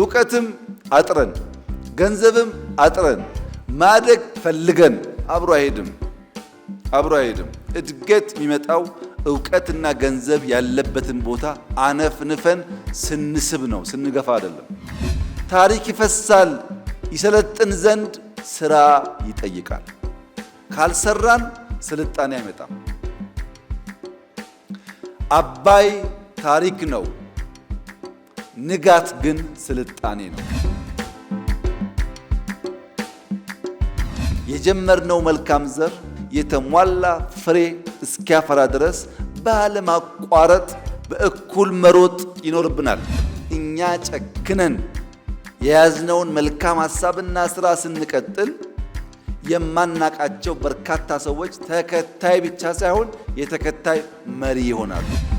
እውቀትም አጥረን ገንዘብም አጥረን ማደግ ፈልገን አብሮ አይሄድም አብሮ አይሄድም። እድገት የሚመጣው እውቀትና ገንዘብ ያለበትን ቦታ አነፍንፈን ስንስብ ነው፣ ስንገፋ አይደለም። ታሪክ ይፈሳል። ይሰለጥን ዘንድ ስራ ይጠይቃል። ካልሰራን ስልጣኔ አይመጣም። አባይ ታሪክ ነው። ንጋት ግን ስልጣኔ ነው። የጀመርነው መልካም ዘር የተሟላ ፍሬ እስኪያፈራ ድረስ ባለማቋረጥ በእኩል መሮጥ ይኖርብናል። እኛ ጨክነን የያዝነውን መልካም ሐሳብና ሥራ ስንቀጥል የማናቃቸው በርካታ ሰዎች ተከታይ ብቻ ሳይሆን የተከታይ መሪ ይሆናሉ።